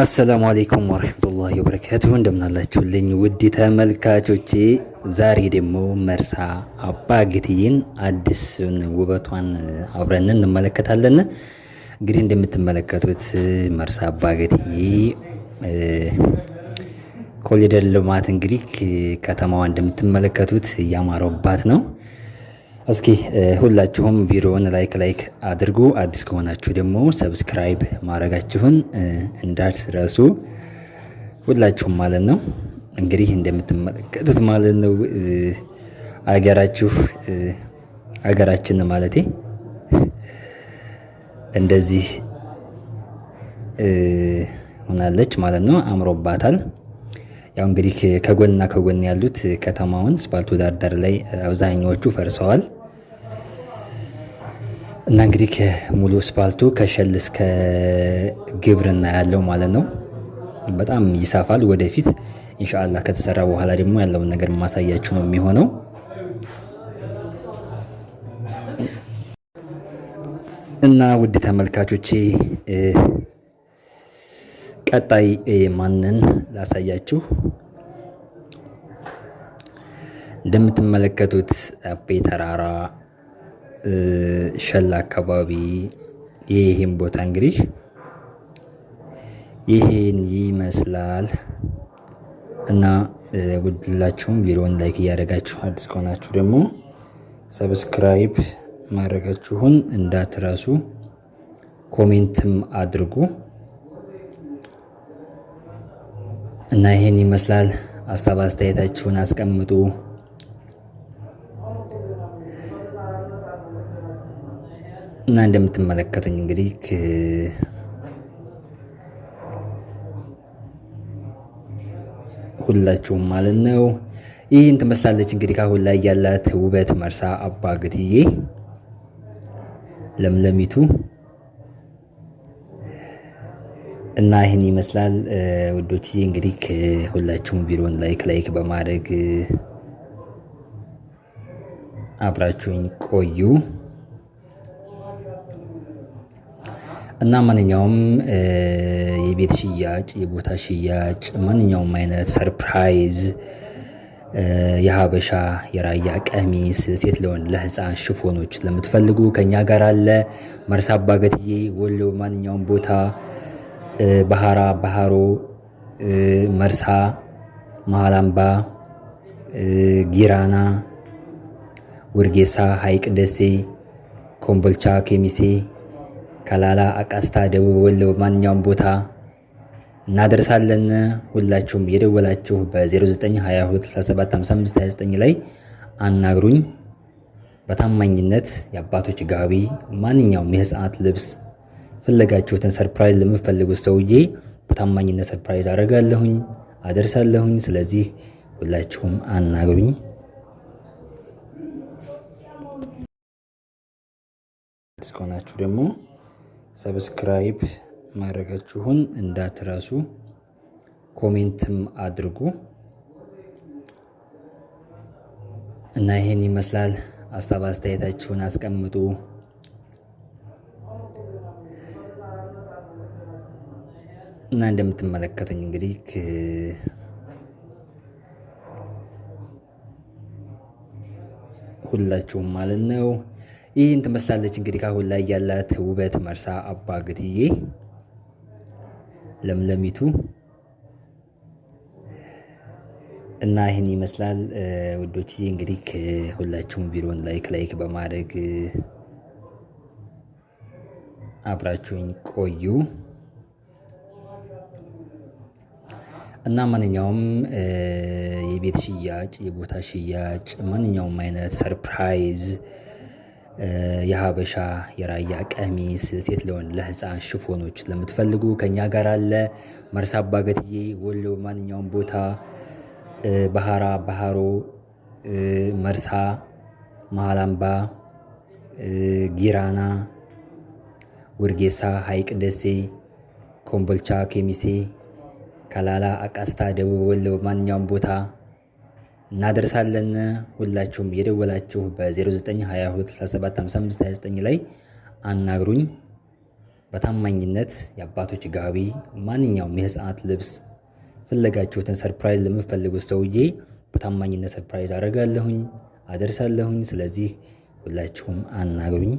አሰላሙ አሌይኩም ወረህመቱላሂ ወበረካቱሁ እንደምናላችሁልኝ ውድ ተመልካቾቼ፣ ዛሬ ደግሞ መርሳ አባ ግትይን አዲስን ውበቷን አብረን እንመለከታለን። እንግዲህ እንደምትመለከቱት መርሳ አባ ኮሊደር ልማት እንግዲህ ከተማዋ እንደምትመለከቱት እያማረባት ነው። እስኪ ሁላችሁም ቪዲዮውን ላይክ ላይክ አድርጉ። አዲስ ከሆናችሁ ደግሞ ሰብስክራይብ ማድረጋችሁን እንዳትረሱ ሁላችሁም ማለት ነው። እንግዲህ እንደምትመለከቱት ማለት ነው አገራችሁ አገራችን ማለቴ እንደዚህ ሆናለች ማለት ነው። አምሮባታል። ያው እንግዲህ ከጎንና ከጎን ያሉት ከተማውን ስፓልቱ ዳርዳር ላይ አብዛኛዎቹ ፈርሰዋል እና እንግዲህ ሙሉ ስፓልቱ ከሸል እስከ ግብርና ያለው ማለት ነው። በጣም ይሳፋል። ወደፊት ኢንሻአላህ ከተሰራ በኋላ ደግሞ ያለውን ነገር ማሳያችሁ ነው የሚሆነው። እና ውድ ተመልካቾቼ ቀጣይ ማንን ላሳያችሁ። እንደምትመለከቱት አቤ ተራራ ሸላ አካባቢ ይህን ቦታ እንግዲህ ይህን ይመስላል እና ውድላችሁም ቪዲዮን ላይክ እያደረጋችሁ አዲስ ከሆናችሁ ደግሞ ሰብስክራይብ ማድረጋችሁን እንዳትረሱ፣ ኮሜንትም አድርጉ። እና ይህን ይመስላል። ሀሳብ አስተያየታችሁን አስቀምጡ። እና እንደምትመለከቱኝ እንግዲህ ሁላችሁም ማለት ነው። ይህን ትመስላለች እንግዲህ ካሁን ላይ ያላት ውበት መርሳ አባግትዬ ለምለሚቱ እና ይህን ይመስላል ውዶች። እንግዲህ ሁላችሁም ቪዲዮን ላይክ ላይክ በማድረግ አብራችሁኝ ቆዩ እና ማንኛውም የቤት ሽያጭ፣ የቦታ ሽያጭ፣ ማንኛውም አይነት ሰርፕራይዝ የሀበሻ የራያ ቀሚስ ሴት ለወንድ ለህፃን ሽፎኖች ለምትፈልጉ ከኛ ጋር አለ። መርሳ አባገትዬ፣ ወሎ፣ ማንኛውም ቦታ ባህራ፣ ባህሮ፣ መርሳ፣ መሃላምባ፣ ጊራና፣ ውርጌሳ፣ ሀይቅ ደሴ፣ ኮምቦልቻ፣ ኬሚሴ፣ ከላላ፣ አቃስታ፣ ደቡብ ወሎ ማንኛውም ቦታ እናደርሳለን። ሁላችሁም የደወላችሁ በ0922375529 ላይ አናግሩኝ። በታማኝነት የአባቶች ጋቢ ማንኛውም የህፃናት ልብስ ፈለጋችሁትን ሰርፕራይዝ ለምፈልጉት ሰውዬ በታማኝነት ሰርፕራይዝ አደርጋለሁኝ አደርሳለሁኝ። ስለዚህ ሁላችሁም አናግሩኝ። እስከሆናችሁ ደግሞ ሰብስክራይብ ማድረጋችሁን እንዳትረሱ፣ ኮሜንትም አድርጉ እና ይህን ይመስላል። ሀሳብ አስተያየታችሁን አስቀምጡ። እና እንደምትመለከቱኝ እንግዲህ ሁላችሁም ማለት ነው ይህን ትመስላለች እንግዲህ ካሁን ላይ ያላት ውበት መርሳ አባግትዬ ለምለሚቱ እና ይህን ይመስላል ውዶችዬ። እንግዲህ ሁላችሁም ቪዲዮን ላይክ ላይክ በማድረግ አብራችሁኝ ቆዩ። እና ማንኛውም የቤት ሽያጭ፣ የቦታ ሽያጭ፣ ማንኛውም አይነት ሰርፕራይዝ የሀበሻ የራያ ቀሚስ ሴት ለሆን ለህፃን ሽፎኖች ለምትፈልጉ ከኛ ጋር አለ። መርሳ አባገትዬ ወሎ ማንኛውም ቦታ ባህራ፣ ባህሮ፣ መርሳ፣ መሃላምባ ጊራና፣ ውርጌሳ፣ ሀይቅ ደሴ፣ ኮምቦልቻ፣ ኬሚሴ ከላላ፣ አቃስታ፣ ደቡብ ወሎ ማንኛውም ቦታ እናደርሳለን። ሁላችሁም የደወላችሁ በ0922375529 ላይ አናግሩኝ። በታማኝነት የአባቶች ጋቢ፣ ማንኛውም የህፃናት ልብስ ፈለጋችሁትን ሰርፕራይዝ ለምፈልጉት ሰውዬ በታማኝነት ሰርፕራይዝ አደርጋለሁኝ፣ አደርሳለሁኝ። ስለዚህ ሁላችሁም አናግሩኝ።